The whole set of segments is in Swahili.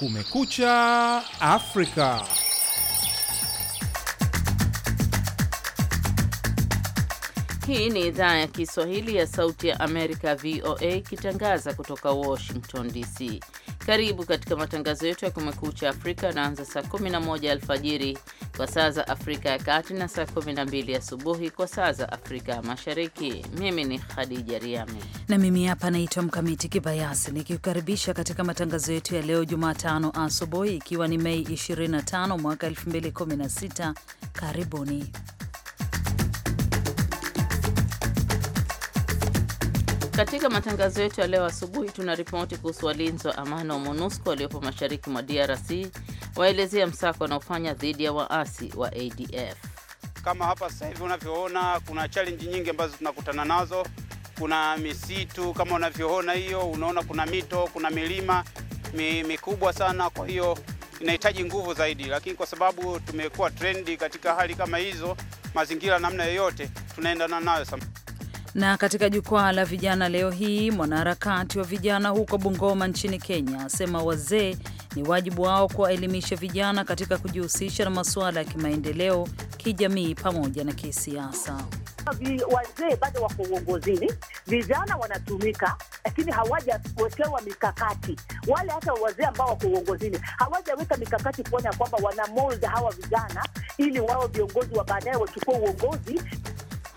Kumekucha Afrika. Hii ni idhaa ya Kiswahili ya Sauti ya Amerika, VOA, ikitangaza kutoka Washington DC. Karibu katika matangazo yetu ya Kumekucha Afrika yanaanza saa 11 alfajiri kwa saa za Afrika ya Kati na saa 12 asubuhi kwa saa za Afrika ya Mashariki. Mimi ni Khadija Riami na mimi hapa naitwa Mkamiti Kibayasi nikikukaribisha katika matangazo yetu ya leo Jumatano asubuhi, ikiwa ni Mei 25 mwaka 2016. Karibuni. Katika matangazo yetu ya leo asubuhi, tuna ripoti kuhusu walinzi wa amani wa MONUSCO waliopo mashariki mwa DRC waelezea msako wanaofanya dhidi ya waasi wa ADF. Kama hapa sasa hivi unavyoona, kuna challenge nyingi ambazo tunakutana nazo. Kuna misitu kama unavyoona hiyo, unaona kuna mito, kuna milima mikubwa sana, kwa hiyo inahitaji nguvu zaidi, lakini kwa sababu tumekuwa trendi katika hali kama hizo, mazingira namna yoyote tunaendana nayo sana. Na katika jukwaa la vijana leo hii, mwanaharakati wa vijana huko Bungoma nchini Kenya asema wazee ni wajibu wao kuwaelimisha vijana katika kujihusisha na masuala ya kimaendeleo, kijamii pamoja na kisiasa. Wazee bado wako uongozini, vijana wanatumika, lakini hawajawekewa mikakati. Wale hata wazee ambao wako uongozini hawajaweka mikakati kuona kwamba wanamolda hawa vijana ili wao viongozi wa baadaye wachukue uongozi.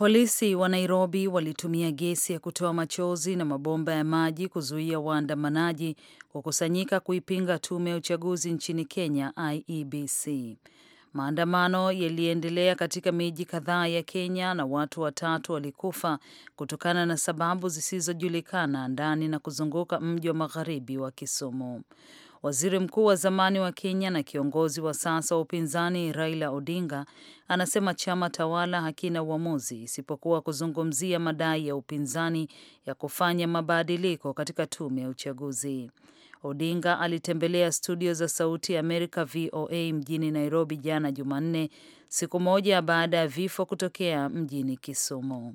Polisi wa Nairobi walitumia gesi ya kutoa machozi na mabomba ya maji kuzuia waandamanaji kukusanyika kuipinga tume ya uchaguzi nchini Kenya, IEBC. Maandamano yaliendelea katika miji kadhaa ya Kenya na watu watatu walikufa kutokana na sababu zisizojulikana ndani na kuzunguka mji wa magharibi wa Kisumu. Waziri mkuu wa zamani wa Kenya na kiongozi wa sasa wa upinzani Raila Odinga anasema chama tawala hakina uamuzi isipokuwa kuzungumzia madai ya upinzani ya kufanya mabadiliko katika tume ya uchaguzi. Odinga alitembelea studio za Sauti ya Amerika VOA mjini Nairobi jana Jumanne, siku moja baada ya vifo kutokea mjini Kisumu.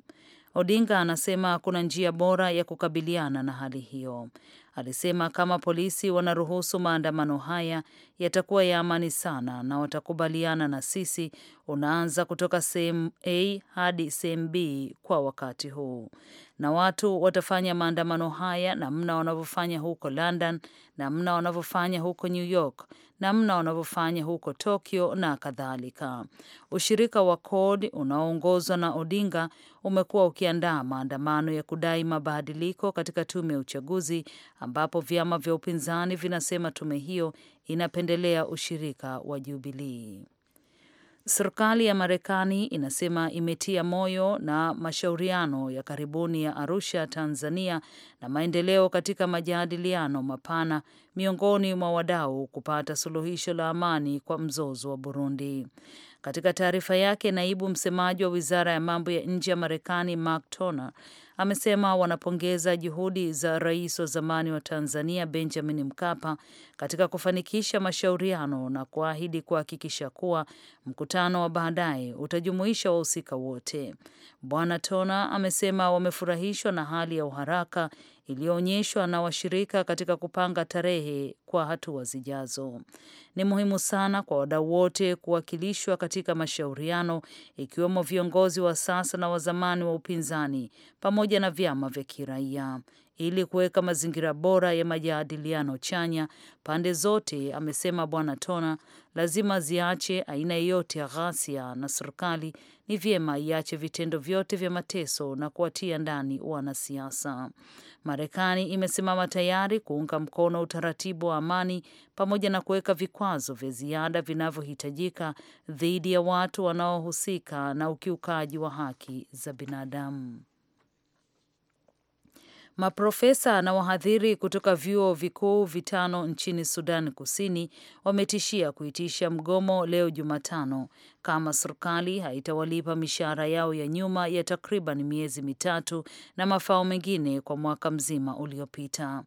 Odinga anasema kuna njia bora ya kukabiliana na hali hiyo. Alisema kama polisi wanaruhusu maandamano haya yatakuwa ya amani sana, na watakubaliana na sisi. Unaanza kutoka sehemu A hadi sehemu B kwa wakati huu, na watu watafanya maandamano haya namna wanavyofanya huko London, namna wanavyofanya huko New York, namna wanavyofanya huko Tokyo na kadhalika. Ushirika wa CORD unaoongozwa na Odinga umekuwa ukiandaa maandamano ya kudai mabadiliko katika tume ya uchaguzi, ambapo vyama vya upinzani vinasema tume hiyo inapendelea ushirika wa Jubilii. Serikali ya Marekani inasema imetia moyo na mashauriano ya karibuni ya Arusha, Tanzania, na maendeleo katika majadiliano mapana miongoni mwa wadau kupata suluhisho la amani kwa mzozo wa Burundi. Katika taarifa yake, naibu msemaji wa wizara ya mambo ya nje ya Marekani Mark Toner amesema wanapongeza juhudi za rais wa zamani wa Tanzania Benjamin Mkapa katika kufanikisha mashauriano na kuahidi kuhakikisha kuwa mkutano wa baadaye utajumuisha wahusika wote. Bwana Tona amesema wamefurahishwa na hali ya uharaka iliyoonyeshwa na washirika katika kupanga tarehe kwa hatua zijazo. Ni muhimu sana kwa wadau wote kuwakilishwa katika mashauriano, ikiwemo viongozi wa sasa na wa zamani wa upinzani pamoja na vyama vya kiraia ili kuweka mazingira bora ya majadiliano chanya. Pande zote, amesema Bwana Tona, lazima ziache aina yeyote ya ghasia, na serikali ni vyema iache vitendo vyote vya mateso na kuwatia ndani wanasiasa. Marekani imesimama tayari kuunga mkono utaratibu wa amani pamoja na kuweka vikwazo vya ziada vinavyohitajika dhidi ya watu wanaohusika na ukiukaji wa haki za binadamu. Maprofesa na wahadhiri kutoka vyuo vikuu vitano nchini Sudan Kusini wametishia kuitisha mgomo leo Jumatano kama serikali haitawalipa mishahara yao ya nyuma ya takriban miezi mitatu na mafao mengine kwa mwaka mzima uliopita.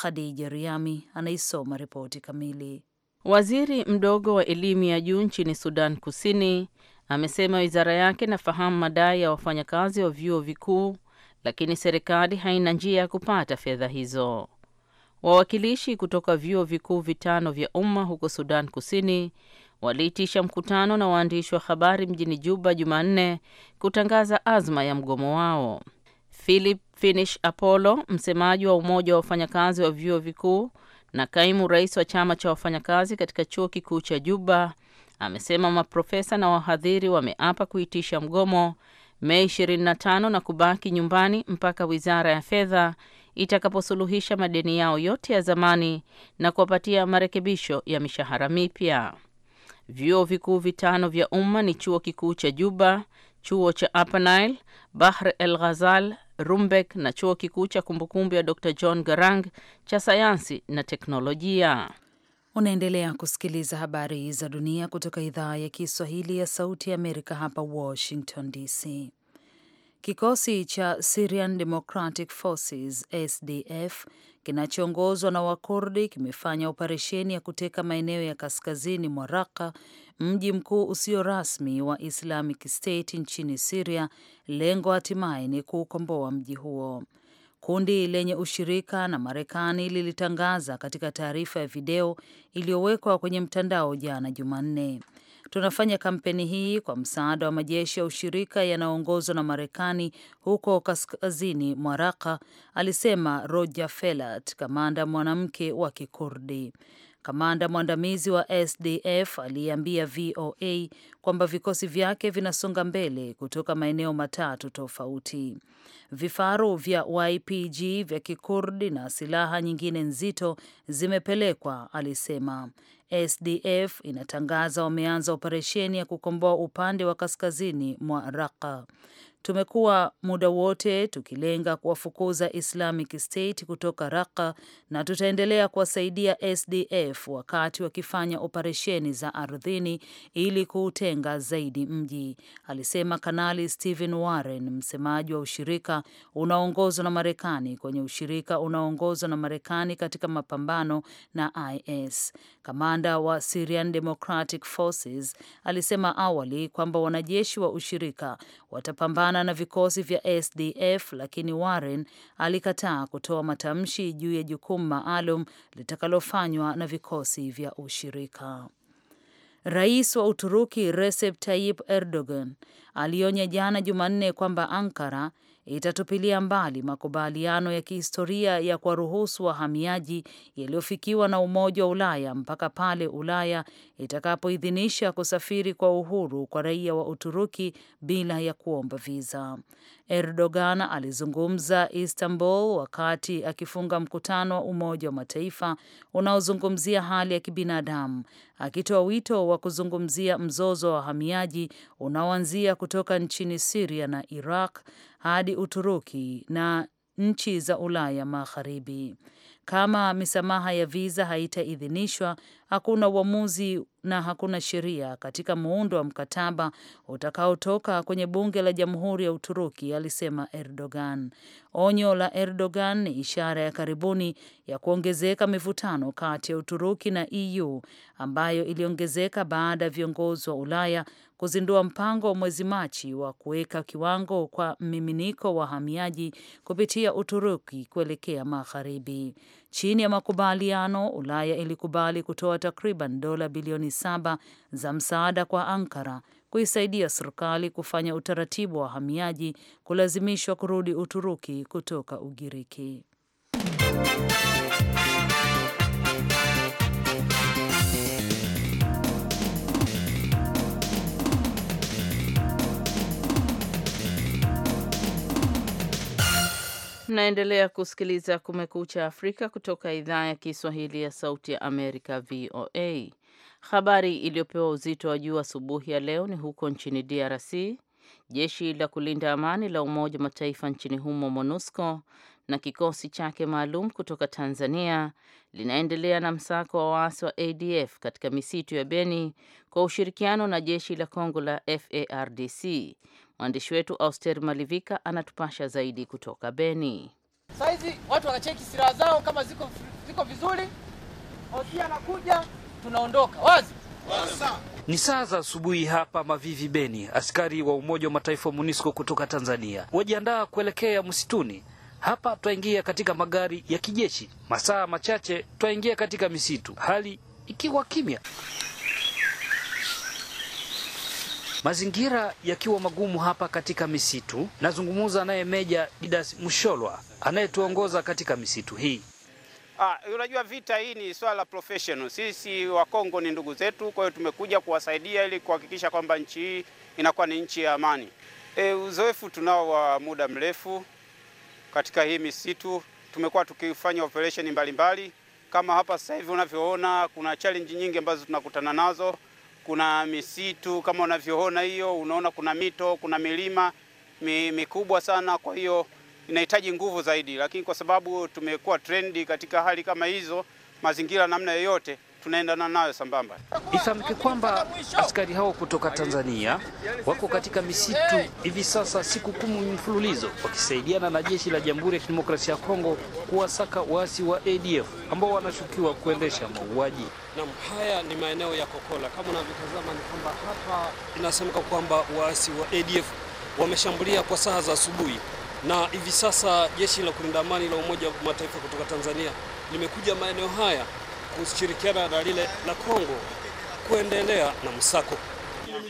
Khadija Riami anaisoma ripoti kamili. Waziri mdogo wa elimu ya juu nchini Sudan Kusini amesema wizara yake inafahamu madai ya wafanyakazi wa vyuo vikuu lakini serikali haina njia ya kupata fedha hizo. Wawakilishi kutoka vyuo vikuu vitano vya umma huko Sudan Kusini waliitisha mkutano na waandishi wa habari mjini Juba Jumanne kutangaza azma ya mgomo wao. Philip Finish Apollo, msemaji wa umoja wa wafanyakazi wa vyuo vikuu na kaimu rais wa chama cha wafanyakazi katika chuo kikuu cha Juba, amesema maprofesa na wahadhiri wameapa kuitisha mgomo Mei 25 na kubaki nyumbani mpaka Wizara ya Fedha itakaposuluhisha madeni yao yote ya zamani na kuwapatia marekebisho ya mishahara mipya. Vyuo vikuu vitano vya umma ni chuo kikuu cha Juba, chuo cha Upper Nile, Bahr El Ghazal, Rumbek na chuo kikuu cha kumbukumbu ya Dr John Garang cha sayansi na teknolojia. Unaendelea kusikiliza habari za dunia kutoka idhaa ya Kiswahili ya Sauti ya Amerika, hapa Washington DC. Kikosi cha Syrian Democratic Forces SDF kinachoongozwa na Wakurdi kimefanya operesheni ya kuteka maeneo ya kaskazini mwa Raka, mji mkuu usio rasmi wa Islamic State nchini Syria. Lengo hatimaye ni kuukomboa mji huo. Kundi lenye ushirika na Marekani lilitangaza katika taarifa ya video iliyowekwa kwenye mtandao jana Jumanne, tunafanya kampeni hii kwa msaada wa majeshi ya ushirika yanayoongozwa na Marekani huko kaskazini mwa Raka, alisema Roger felat kamanda mwanamke wa Kikurdi. Kamanda mwandamizi wa SDF aliambia VOA kwamba vikosi vyake vinasonga mbele kutoka maeneo matatu tofauti. Vifaru vya YPG vya Kikurdi na silaha nyingine nzito zimepelekwa, alisema. SDF inatangaza wameanza operesheni ya kukomboa upande wa kaskazini mwa Raqqa. Tumekuwa muda wote tukilenga kuwafukuza Islamic State kutoka Raqqa na tutaendelea kuwasaidia SDF wakati wakifanya operesheni za ardhini ili kuutenga zaidi mji, alisema Kanali Stephen Warren, msemaji wa ushirika unaoongozwa na Marekani kwenye ushirika unaoongozwa na Marekani katika mapambano na IS. Kamanda wa Syrian Democratic Forces alisema awali kwamba wanajeshi wa ushirika watapambana kupambana na vikosi vya SDF, lakini Warren alikataa kutoa matamshi juu ya jukumu maalum litakalofanywa na vikosi vya ushirika. Rais wa Uturuki Recep Tayyip Erdogan alionya jana Jumanne kwamba Ankara itatupilia mbali makubaliano ya kihistoria ya kuwaruhusu wahamiaji yaliyofikiwa na Umoja wa Ulaya mpaka pale Ulaya itakapoidhinisha kusafiri kwa uhuru kwa raia wa Uturuki bila ya kuomba viza. Erdogan alizungumza Istanbul wakati akifunga mkutano wa Umoja wa Mataifa unaozungumzia hali ya kibinadamu, akitoa wito wa kuzungumzia mzozo wa wahamiaji unaoanzia kutoka nchini Siria na Iraq hadi Uturuki na nchi za Ulaya Magharibi. Kama misamaha ya viza haitaidhinishwa, hakuna uamuzi na hakuna sheria katika muundo wa mkataba utakaotoka kwenye bunge la jamhuri ya Uturuki, alisema Erdogan. Onyo la Erdogan ni ishara ya karibuni ya kuongezeka mivutano kati ya Uturuki na EU ambayo iliongezeka baada ya viongozi wa Ulaya kuzindua mpango mwezi Machi wa kuweka kiwango kwa mmiminiko wa wahamiaji kupitia Uturuki kuelekea magharibi. Chini ya makubaliano, Ulaya ilikubali kutoa takriban dola bilioni saba za msaada kwa Ankara kuisaidia serikali kufanya utaratibu wa wahamiaji kulazimishwa kurudi Uturuki kutoka Ugiriki. Mnaendelea kusikiliza Kumekucha Afrika kutoka idhaa ya Kiswahili ya Sauti ya Amerika, VOA. Habari iliyopewa uzito wa juu asubuhi ya leo ni huko nchini DRC. Jeshi la kulinda amani la Umoja wa Mataifa nchini humo, MONUSCO, na kikosi chake maalum kutoka Tanzania linaendelea na msako wa waasi wa ADF katika misitu ya Beni kwa ushirikiano na jeshi la Kongo la FARDC. Mwandishi wetu Auster Malivika anatupasha zaidi kutoka Beni. Saizi watu wanacheki silaha zao kama ziko, ziko vizuri. Hosia anakuja, tunaondoka wazi ni saa za asubuhi hapa Mavivi Beni. Askari wa Umoja wa Mataifa MONUSCO kutoka Tanzania wajiandaa kuelekea msituni. Hapa twaingia katika magari ya kijeshi, masaa machache twaingia katika misitu, hali ikiwa kimya. Mazingira yakiwa magumu hapa katika misitu, nazungumza naye Meja Didas Msholwa anayetuongoza katika misitu hii. Ah, unajua vita hii ni swala la professional. Sisi Wakongo ni ndugu zetu, kwa hiyo tumekuja kuwasaidia ili kuhakikisha kwamba nchi hii inakuwa ni nchi ya amani. E, uzoefu tunao wa muda mrefu katika hii misitu, tumekuwa tukifanya operesheni mbalimbali kama hapa sasa hivi unavyoona, kuna challenge nyingi ambazo tunakutana nazo kuna misitu kama unavyoona hiyo, unaona kuna mito, kuna milima mikubwa sana, kwa hiyo inahitaji nguvu zaidi, lakini kwa sababu tumekuwa trendi katika hali kama hizo, mazingira namna yoyote tunaendana nayo sambamba. Ifahamike kwamba askari hao kutoka Tanzania wako katika misitu hivi sasa siku kumi mfululizo wakisaidiana na jeshi la Jamhuri ya Kidemokrasia ya Kongo kuwasaka waasi wa ADF ambao wanashukiwa kuendesha mauaji. Naam, haya ni maeneo ya Kokola. Kama unavyotazama ni kwamba hapa inasemeka kwamba waasi wa ADF wameshambulia kwa saa za asubuhi na hivi sasa jeshi la kulinda amani la Umoja wa Mataifa kutoka Tanzania limekuja maeneo haya kushirikiana na lile la Kongo kuendelea na msako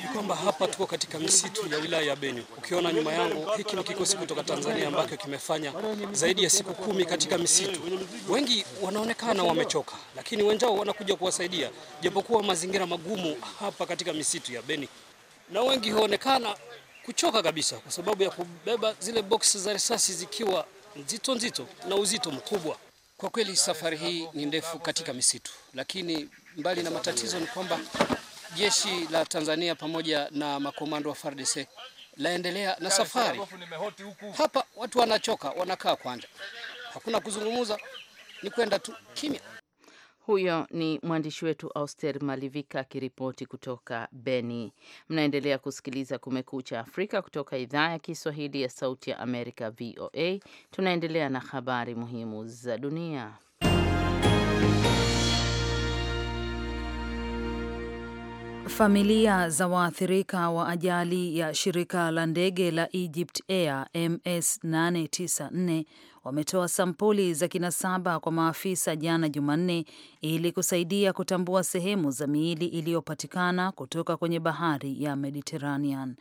ni kwamba hapa tuko katika misitu ya wilaya ya Benyu. Ukiona nyuma yangu, hiki ni kikosi kutoka Tanzania ambacho kimefanya zaidi ya siku kumi katika misitu. Wengi wanaonekana wamechoka, lakini wenzao wanakuja kuwasaidia, japokuwa mazingira magumu hapa katika misitu ya Beni, na wengi huonekana kuchoka kabisa kwa sababu ya kubeba zile boksi za risasi zikiwa nzito nzito na uzito mkubwa. Kwa kweli safari hii ni ndefu katika misitu, lakini mbali na matatizo ni kwamba jeshi la Tanzania pamoja na makomando wa FARDC laendelea na safari. Hapa watu wanachoka, wanakaa kwanja hakuna kuzungumza, ni kwenda tu kimya. Huyo ni mwandishi wetu Auster Malivika akiripoti kutoka Beni. Mnaendelea kusikiliza Kumekucha Afrika kutoka idhaa ya Kiswahili ya Sauti ya Amerika, VOA. Tunaendelea na habari muhimu za dunia. Familia za waathirika wa ajali ya shirika la ndege la Egypt Air MS 894 wametoa sampuli za kinasaba kwa maafisa jana Jumanne ili kusaidia kutambua sehemu za miili iliyopatikana kutoka kwenye bahari ya Mediterranean.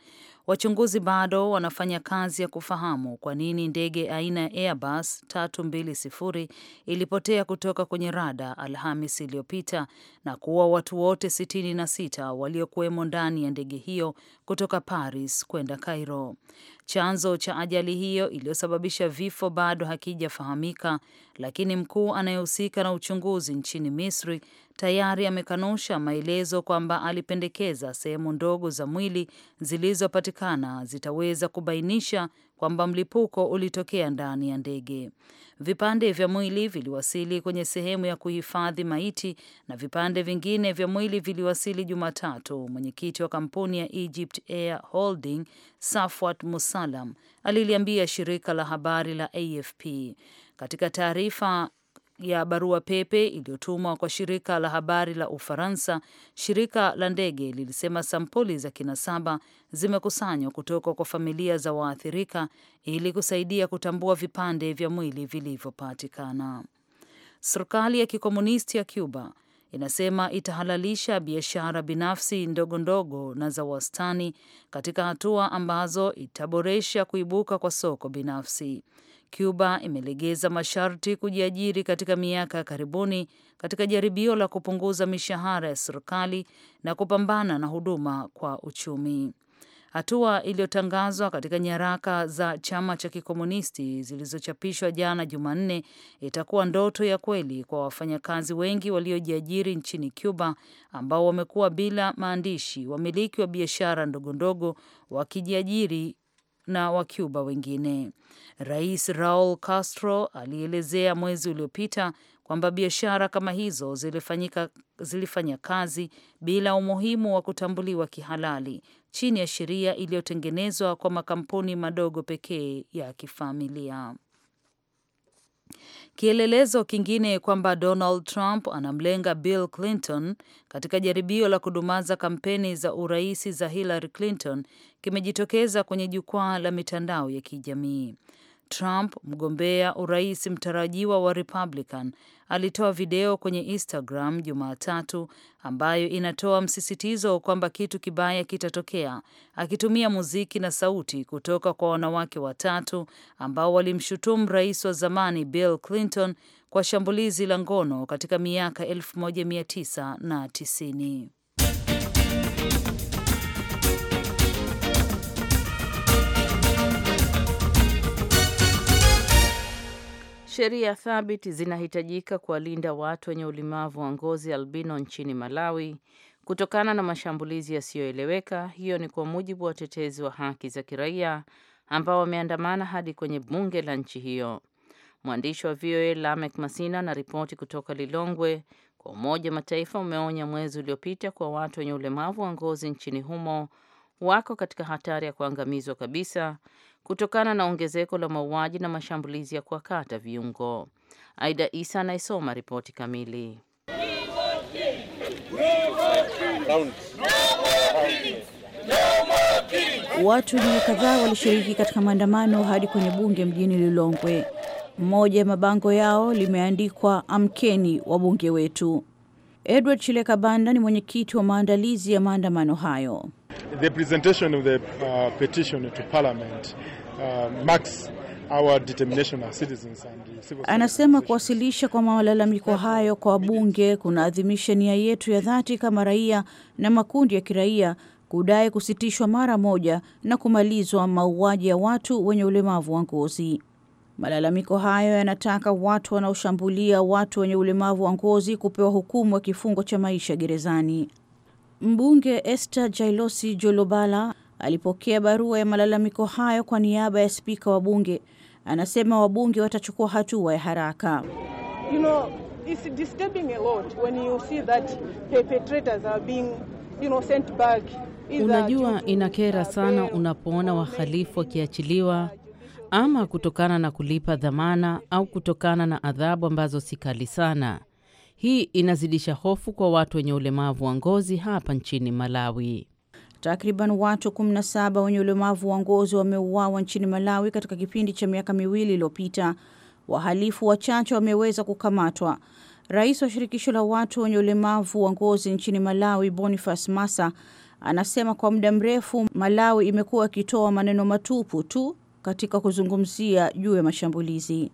Wachunguzi bado wanafanya kazi ya kufahamu kwa nini ndege aina ya Airbus 320 ilipotea kutoka kwenye rada Alhamis iliyopita na kuwa watu wote 66 waliokuwemo ndani ya ndege hiyo kutoka Paris kwenda Cairo. Chanzo cha ajali hiyo iliyosababisha vifo bado hakijafahamika, lakini mkuu anayehusika na uchunguzi nchini nchini Misri tayari amekanusha maelezo kwamba alipendekeza sehemu ndogo za mwili zilizopatikana zitaweza kubainisha kwamba mlipuko ulitokea ndani ya ndege. Vipande vya mwili viliwasili kwenye sehemu ya kuhifadhi maiti na vipande vingine vya mwili viliwasili Jumatatu. Mwenyekiti wa kampuni ya Egypt Air Holding Safwat Musalam aliliambia shirika la habari la AFP. Katika taarifa ya barua pepe iliyotumwa kwa shirika la habari la Ufaransa, shirika la ndege lilisema sampuli za kinasaba zimekusanywa kutoka kwa familia za waathirika ili kusaidia kutambua vipande vya mwili vilivyopatikana. Serikali ya kikomunisti ya Cuba inasema itahalalisha biashara binafsi ndogo ndogo na za wastani katika hatua ambazo itaboresha kuibuka kwa soko binafsi. Cuba imelegeza masharti kujiajiri katika miaka ya karibuni katika jaribio la kupunguza mishahara ya serikali na kupambana na huduma kwa uchumi. Hatua iliyotangazwa katika nyaraka za chama cha kikomunisti zilizochapishwa jana Jumanne itakuwa ndoto ya kweli kwa wafanyakazi wengi waliojiajiri nchini Cuba ambao wamekuwa bila maandishi, wamiliki wa biashara ndogondogo wakijiajiri na Wacuba wengine. Rais Raul Castro alielezea mwezi uliopita kwamba biashara kama hizo zilifanyika, zilifanya kazi bila umuhimu wa kutambuliwa kihalali chini ya sheria iliyotengenezwa kwa makampuni madogo pekee ya kifamilia. Kielelezo kingine kwamba Donald Trump anamlenga Bill Clinton katika jaribio la kudumaza kampeni za urais za Hillary Clinton kimejitokeza kwenye jukwaa la mitandao ya kijamii. Trump, mgombea urais mtarajiwa wa Republican, alitoa video kwenye Instagram Jumatatu ambayo inatoa msisitizo kwamba kitu kibaya kitatokea, akitumia muziki na sauti kutoka kwa wanawake watatu ambao walimshutumu rais wa zamani Bill Clinton kwa shambulizi la ngono katika miaka 1990. Sheria thabiti zinahitajika kuwalinda watu wenye ulemavu wa ngozi albino nchini Malawi kutokana na mashambulizi yasiyoeleweka. Hiyo ni kwa mujibu wa watetezi wa haki za kiraia ambao wameandamana hadi kwenye bunge la nchi hiyo. Mwandishi wa VOA Lamek Masina anaripoti kutoka Lilongwe. Kwa Umoja Mataifa umeonya mwezi uliopita kwa watu wenye ulemavu wa ngozi nchini humo wako katika hatari ya kuangamizwa kabisa kutokana na ongezeko la mauaji na mashambulizi ya kuwakata viungo. Aida Isa anayesoma ripoti kamili. Watu wenye kadhaa walishiriki katika maandamano hadi kwenye bunge mjini Lilongwe. Mmoja ya mabango yao limeandikwa amkeni wabunge wetu. Edward Chilekabanda ni mwenyekiti wa maandalizi ya maandamano hayo. The presentation of the uh, petition to parliament uh, marks our determination as citizens and civil. Anasema kuwasilisha kwa malalamiko hayo kwa bunge kunaadhimisha nia yetu ya dhati kama raia na makundi ya kiraia kudai kusitishwa mara moja na kumalizwa mauaji ya watu wenye ulemavu wa ngozi. Malalamiko hayo yanataka watu wanaoshambulia watu wenye ulemavu wa ngozi kupewa hukumu ya kifungo cha maisha gerezani. Mbunge Esther Jailosi Jolobala alipokea barua ya malalamiko hayo kwa niaba ya spika wa bunge. Anasema wabunge watachukua hatua ya haraka. you know, Unajua inakera sana unapoona wahalifu wakiachiliwa ama kutokana na kulipa dhamana au kutokana na adhabu ambazo si kali sana. Hii inazidisha hofu kwa watu wenye ulemavu wa ngozi hapa nchini Malawi. Takriban watu 17 wenye ulemavu wa ngozi wameuawa nchini Malawi katika kipindi cha miaka miwili iliyopita. Wahalifu wachache wameweza kukamatwa. Rais wa shirikisho la watu wenye ulemavu wa ngozi nchini Malawi, Boniface Massa, anasema kwa muda mrefu Malawi imekuwa ikitoa maneno matupu tu katika kuzungumzia juu ya mashambulizi.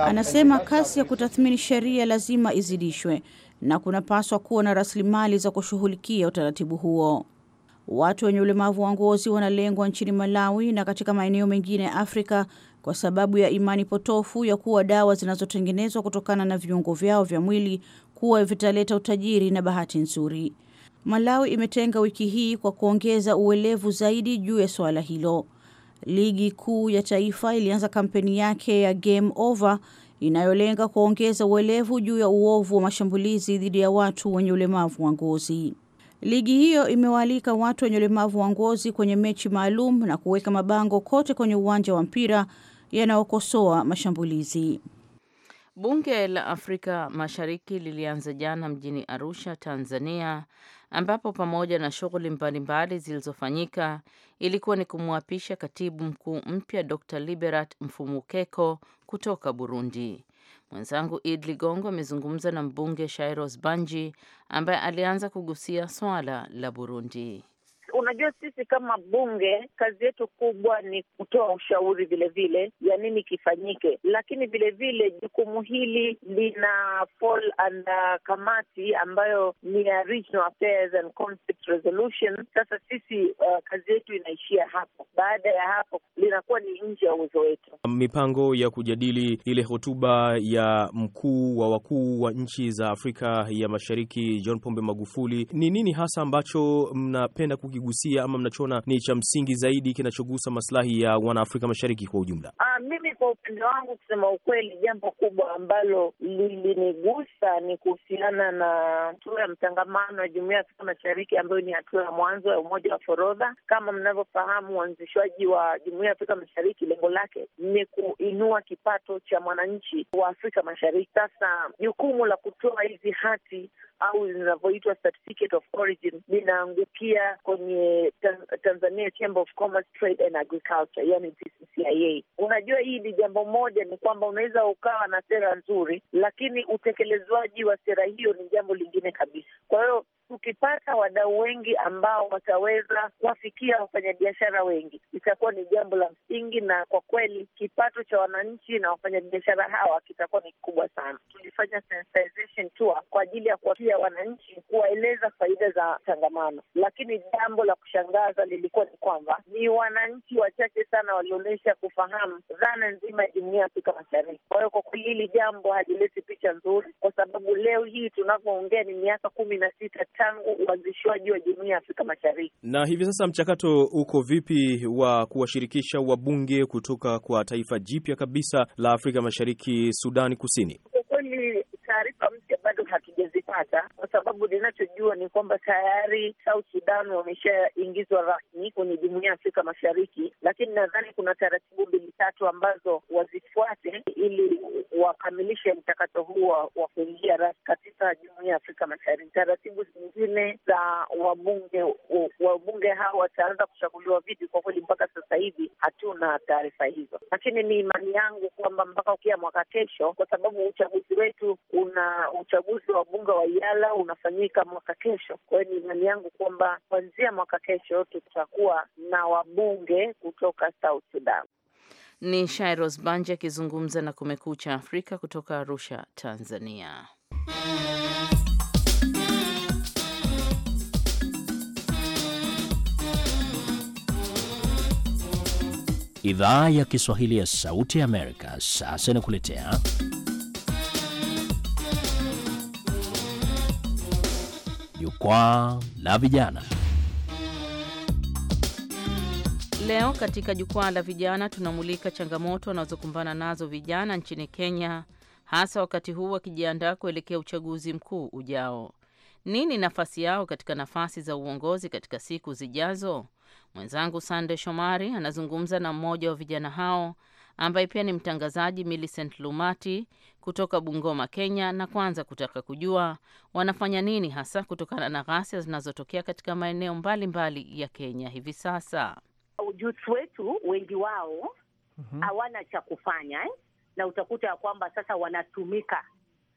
Anasema kasi ya kutathmini sheria lazima izidishwe na kunapaswa kuwa na rasilimali za kushughulikia utaratibu huo. Watu wenye ulemavu wa ngozi wanalengwa nchini Malawi na katika maeneo mengine ya Afrika kwa sababu ya imani potofu ya kuwa dawa zinazotengenezwa kutokana na viungo vyao vya mwili kuwa vitaleta utajiri na bahati nzuri. Malawi imetenga wiki hii kwa kuongeza uelevu zaidi juu ya suala hilo. Ligi kuu ya taifa ilianza kampeni yake ya Game Over inayolenga kuongeza uelevu juu ya uovu wa mashambulizi dhidi ya watu wenye ulemavu wa ngozi. Ligi hiyo imewaalika watu wenye ulemavu wa ngozi kwenye mechi maalum na kuweka mabango kote kwenye uwanja wa mpira yanayokosoa mashambulizi. Bunge la Afrika Mashariki lilianza jana mjini Arusha, Tanzania, ambapo pamoja na shughuli mbalimbali zilizofanyika ilikuwa ni kumwapisha katibu mkuu mpya Dr. Liberat Mfumukeko kutoka Burundi. Mwenzangu Id Ligongo amezungumza na mbunge Shairos Banji ambaye alianza kugusia swala la Burundi. Unajua, sisi kama bunge kazi yetu kubwa ni kutoa ushauri vilevile ya nini kifanyike, lakini vilevile jukumu hili lina fall under kamati ambayo ni ya Regional Affairs and Conflict Resolution. Sasa sisi uh, kazi yetu inaishia hapo. Baada ya hapo linakuwa ni nje ya uwezo wetu. Mipango ya kujadili ile hotuba ya mkuu wa wakuu wa nchi za Afrika ya Mashariki John Pombe Magufuli, ni nini hasa ambacho mnapenda kuki mnachokigusia ama mnachoona ni cha msingi zaidi kinachogusa maslahi ya wanaafrika mashariki kwa ujumla? Aa, ah, mimi kwa upande wangu kusema ukweli, jambo kubwa ambalo lilinigusa ni kuhusiana na hatua ya mtangamano wa jumuiya ya Afrika Mashariki ambayo ni hatua ya mwanzo ya umoja wa forodha. Kama mnavyofahamu, uanzishwaji wa jumuiya ya Afrika Mashariki lengo lake ni kuinua kipato cha mwananchi wa Afrika Mashariki. Sasa jukumu la kutoa hizi hati au zinavyoitwa certificate of origin linaangukia kwenye Tanzania Chamber of Commerce, Trade and Agriculture, yani TCCIA. Unajua, hii ni jambo moja, ni kwamba unaweza ukawa na sera nzuri, lakini utekelezwaji wa sera hiyo ni jambo lingine kabisa. Kwa hiyo tukipata wadau wengi ambao wataweza kuwafikia wafanyabiashara wengi, itakuwa ni jambo la msingi, na kwa kweli kipato cha wananchi na wafanyabiashara hawa kitakuwa ni kikubwa sana kufanya sensitization tour kwa ajili ya kuwafikia wananchi, kuwaeleza faida za changamano. Lakini jambo la kushangaza lilikuwa ni kwamba ni wananchi wachache sana walionyesha kufahamu dhana nzima ya jumuia ya Afrika Mashariki. Kwa hiyo kwa kweli hili jambo halileti picha nzuri, kwa sababu leo hii tunavyoongea ni miaka kumi na sita tangu uanzishwaji wa jumuia ya Afrika Mashariki, na hivi sasa mchakato uko vipi wa kuwashirikisha wabunge kutoka kwa taifa jipya kabisa la Afrika Mashariki, Sudani Kusini? Kentucky sijazipata kwa sababu linachojua ni kwamba tayari South Sudan wameshaingizwa rasmi kwenye jumuiya ya Afrika Mashariki, lakini nadhani kuna taratibu mbili tatu ambazo wazifuate ili wakamilishe mchakato huo wa kuingia rasmi katika jumuiya ya Afrika Mashariki. Taratibu zingine za wabunge wabunge hao wataanza kuchaguliwa vipi? Kwa kweli mpaka sasa hivi hatuna taarifa hizo, lakini ni imani yangu kwamba mpaka ukia mwaka kesho, kwa sababu uchaguzi wetu una uchaguzi wa wabunge wa Yala unafanyika mwaka kesho. Kwa hiyo ni imani yangu kwamba kuanzia mwaka kesho tutakuwa na wabunge kutoka South Sudan. Ni Shairos Banja akizungumza na Kumekucha Afrika kutoka Arusha, Tanzania. Idhaa ya Kiswahili ya Sauti ya Amerika sasa inakuletea Jukwaa la Vijana. Leo katika Jukwaa la Vijana tunamulika changamoto wanazokumbana nazo vijana nchini Kenya, hasa wakati huu wakijiandaa kuelekea uchaguzi mkuu ujao. Nini nafasi yao katika nafasi za uongozi katika siku zijazo? Mwenzangu Sande Shomari anazungumza na mmoja wa vijana hao ambaye pia ni mtangazaji Millicent Lumati kutoka Bungoma, Kenya, na kwanza kutaka kujua wanafanya nini hasa kutokana na ghasia zinazotokea katika maeneo mbalimbali mbali ya Kenya hivi sasa. Ujusi wetu wengi wao mhm. hawana mm -hmm. cha kufanya eh? na utakuta ya kwamba sasa wanatumika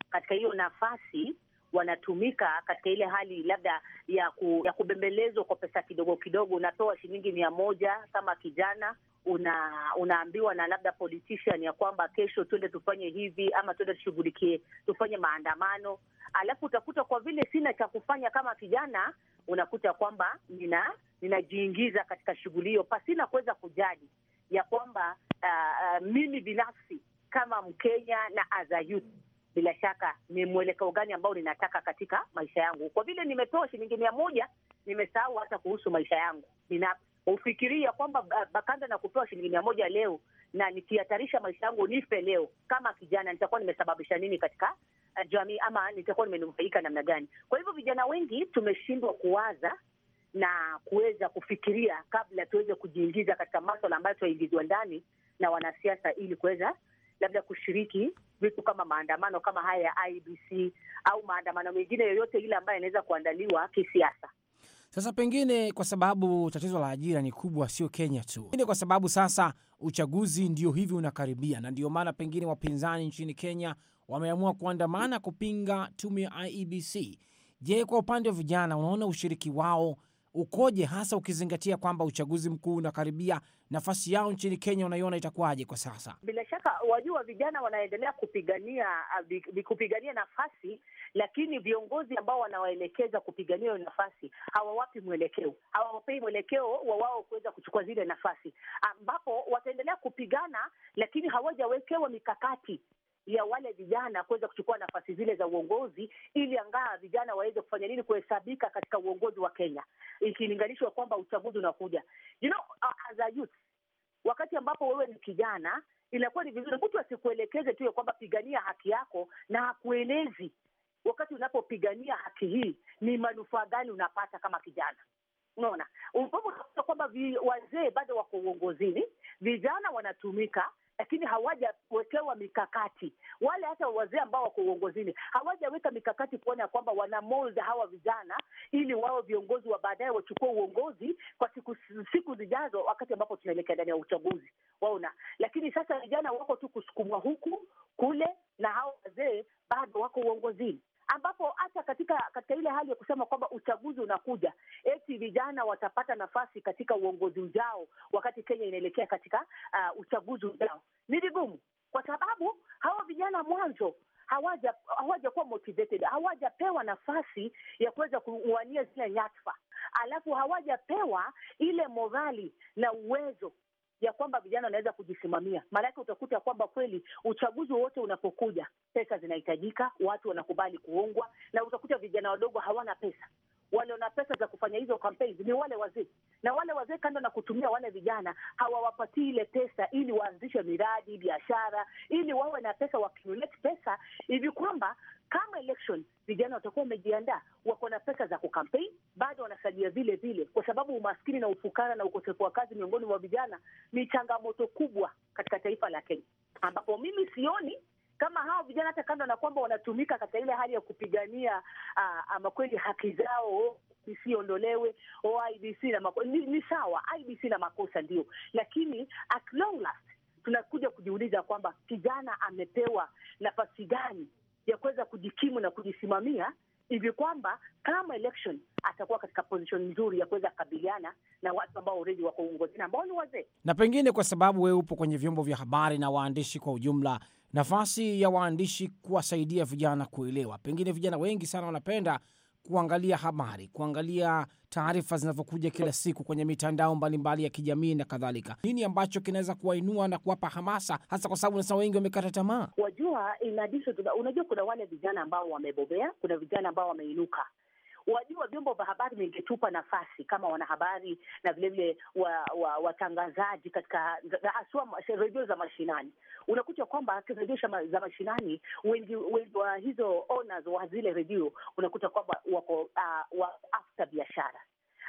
katika hiyo nafasi wanatumika katika ile hali labda ya ku, ya kubembelezwa kwa pesa kidogo kidogo. Unatoa shilingi mia moja kama kijana, una, unaambiwa na labda politician ya kwamba kesho tuende tufanye hivi ama tuende tushughulikie tufanye maandamano, alafu utakuta kwa vile sina cha kufanya kama kijana, unakuta kwamba nina ninajiingiza katika shughuli hiyo pasina kuweza kujali ya kwamba uh, uh, mimi binafsi kama Mkenya na as a youth bila shaka ni mwelekeo gani ambao ninataka katika maisha yangu. Kwa vile nimetoa shilingi mia moja, nimesahau hata kuhusu maisha yangu binafsi ufikiria kwamba Bakanda na kupewa shilingi mia moja leo na nikihatarisha maisha yangu nife leo kama kijana, nitakuwa nimesababisha nini katika eh, jamii ama nitakuwa nimenufaika namna gani? Kwa hivyo vijana wengi tumeshindwa kuwaza na kuweza kufikiria kabla tuweze kujiingiza katika maswala ambayo tunaingizwa ndani na wanasiasa, ili kuweza labda kushiriki vitu kama maandamano kama haya ya IBC au maandamano mengine yoyote ile ambayo yanaweza kuandaliwa kisiasa. Sasa pengine kwa sababu tatizo la ajira ni kubwa, sio Kenya tu, pengine kwa sababu sasa uchaguzi ndio hivi unakaribia, na ndio maana pengine wapinzani nchini Kenya wameamua kuandamana kupinga tume ya IEBC. Je, kwa upande wa vijana, unaona ushiriki wao ukoje, hasa ukizingatia kwamba uchaguzi mkuu unakaribia? Nafasi yao nchini Kenya unaiona itakuwaje kwa sasa? Bila shaka, wajua vijana wanaendelea kupigania ah, kupigania nafasi lakini viongozi ambao wanawaelekeza kupigania hiyo nafasi hawawapi mwelekeo, hawawapei mwelekeo wa wao kuweza kuchukua zile nafasi, ambapo wataendelea kupigana, lakini hawajawekewa mikakati ya wale vijana kuweza kuchukua nafasi zile za uongozi, ili angaa vijana waweze kufanya nini, kuhesabika katika uongozi wa Kenya, ikilinganishwa kwamba uchaguzi unakuja. You know, uh, as a youth, wakati ambapo wewe ni kijana, inakuwa ni vizuri mtu asikuelekeze tu ya kwamba pigania haki yako na hakuelezi wakati unapopigania haki hii, ni manufaa gani unapata kama kijana? Unaona, unakuta kwamba wazee bado wako uongozini, vijana wanatumika lakini hawajawekewa mikakati. Wale hata wazee ambao wako uongozini hawajaweka mikakati kuona ya kwamba wanamolda hawa vijana ili wao viongozi wa baadaye, wachukue uongozi kwa siku siku zijazo, wakati ambapo tunaelekea ndani ya uchaguzi. Waona, lakini sasa vijana wako tu kusukumwa huku kule, na hawa wazee bado wako uongozini ambapo hata katika katika ile hali ya kusema kwamba uchaguzi unakuja, eti vijana watapata nafasi katika uongozi ujao, wakati Kenya inaelekea katika uh, uchaguzi ujao, ni vigumu kwa sababu hawa vijana mwanzo hawaja hawajakuwa motivated, hawajapewa nafasi ya kuweza kuwania zile nyadhifa, alafu hawajapewa ile morali na uwezo ya kwamba vijana wanaweza kujisimamia. Maanake utakuta kwamba kweli uchaguzi wowote unapokuja, pesa zinahitajika, watu wanakubali kuungwa, na utakuta vijana wadogo hawana pesa wale wana pesa za kufanya hizo campaigns ni wale wazee, na wale wazee kando na kutumia wale vijana, hawawapatii ile pesa ili waanzishe miradi, biashara, ili wawe na pesa, wakumulate pesa hivi kwamba kama election vijana watakuwa wamejiandaa, wako na pesa za kukampeni, bado wanasalia vile vile, kwa sababu umaskini na ufukara na ukosefu wa kazi miongoni mwa vijana ni changamoto kubwa katika taifa la Kenya, ambapo mimi sioni kama hao vijana hata kando na kwamba wanatumika katika ile hali ya kupigania ama kweli haki zao isiondolewe IBC na mako, ni, ni sawa IBC na makosa ndio, lakini at long last tunakuja kujiuliza kwamba kijana amepewa nafasi gani ya kuweza kujikimu na kujisimamia hivi kwamba kama election atakuwa katika position nzuri ya kuweza kukabiliana na watu ambao uredi wako uongozini ambao ni wazee, na pengine kwa sababu wewe upo kwenye vyombo vya habari na waandishi kwa ujumla, nafasi ya waandishi kuwasaidia vijana kuelewa, pengine vijana wengi sana wanapenda kuangalia habari, kuangalia taarifa zinavyokuja kila siku kwenye mitandao mbalimbali ya kijamii na kadhalika, nini ambacho kinaweza kuwainua na kuwapa hamasa, hasa kwa sababu nasema wengi wamekata tamaa? Wajua, inadisho, unajua kuna wale vijana ambao wamebobea, kuna vijana ambao wameinuka, Wajua, vyombo vya habari vingetupa nafasi kama wanahabari na vilevile watangazaji wa, wa katika haswa redio za mashinani, unakuta kwamba redio za mashinani wengi, wengi wa hizo owners wa zile redio unakuta kwamba wako uh, wa after biashara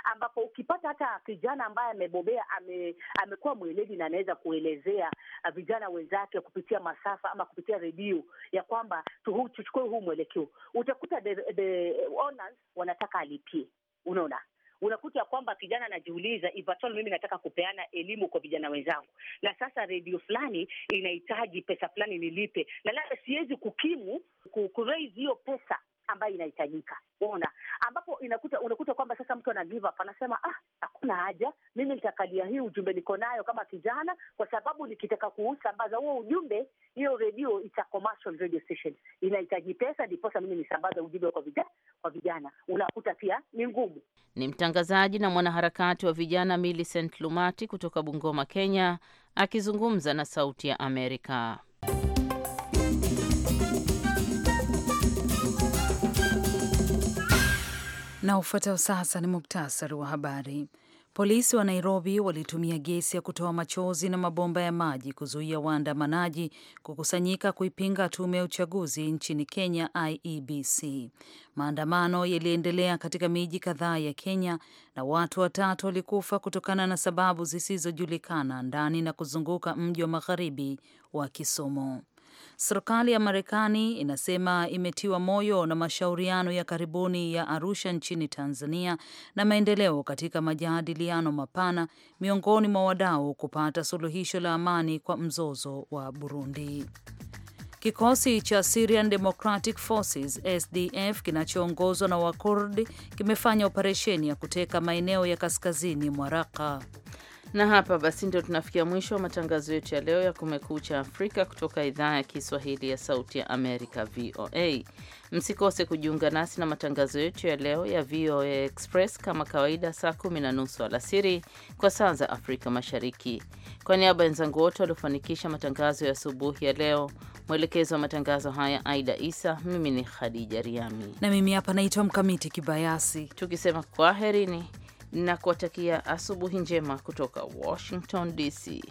ambapo ukipata hata kijana ambaye amebobea ame, amekuwa mweledi na anaweza kuelezea uh, vijana wenzake kupitia masafa ama kupitia redio ya kwamba tuchukue huu mwelekeo, utakuta the, the owners wanataka alipie. Unaona, unakuta ya kwamba kijana anajiuliza ivatol, mimi nataka kupeana elimu kwa vijana wenzangu, na sasa redio fulani inahitaji pesa fulani nilipe, na labda siwezi kukimu kuraise hiyo pesa ambayo inahitajika, ona, ambapo inakuta unakuta kwamba sasa mtu ana give up, anasema ah, hakuna haja, mimi nitakalia hii ujumbe niko nayo kama kijana, kwa sababu nikitaka kusambaza huo ujumbe, hiyo redio ita commercial radio station, inahitaji pesa, ndiposa mimi nisambaza ujumbe kwa vijana. Kwa vijana unakuta pia ni ngumu. Ni mtangazaji na mwanaharakati wa vijana Millicent Lumati kutoka Bungoma, Kenya, akizungumza na Sauti ya Amerika. Na ufuatao sasa ni muktasari wa habari. Polisi wa Nairobi walitumia gesi ya kutoa machozi na mabomba ya maji kuzuia waandamanaji kukusanyika kuipinga tume ya uchaguzi nchini Kenya, IEBC. Maandamano yaliendelea katika miji kadhaa ya Kenya na watu watatu walikufa kutokana na sababu zisizojulikana ndani na kuzunguka mji wa magharibi wa Kisumu. Serikali ya Marekani inasema imetiwa moyo na mashauriano ya karibuni ya Arusha nchini Tanzania na maendeleo katika majadiliano mapana miongoni mwa wadau kupata suluhisho la amani kwa mzozo wa Burundi. Kikosi cha Syrian Democratic Forces SDF kinachoongozwa na Wakurdi kimefanya operesheni ya kuteka maeneo ya kaskazini mwa Raqqa. Na hapa basi ndio tunafikia mwisho wa matangazo yetu ya leo ya Kumekucha Afrika kutoka idhaa ya Kiswahili ya Sauti ya Amerika, VOA. Msikose kujiunga nasi na matangazo yetu ya leo ya VOA Express kama kawaida, saa kumi na nusu alasiri kwa saa za Afrika Mashariki. Kwa niaba ya wenzangu wote waliofanikisha matangazo ya asubuhi ya leo, mwelekezo wa matangazo haya Aida Isa, mimi ni Khadija Riami na mimi hapa naitwa Mkamiti Kibayasi, tukisema kwaherini na kuwatakia asubuhi njema kutoka Washington DC.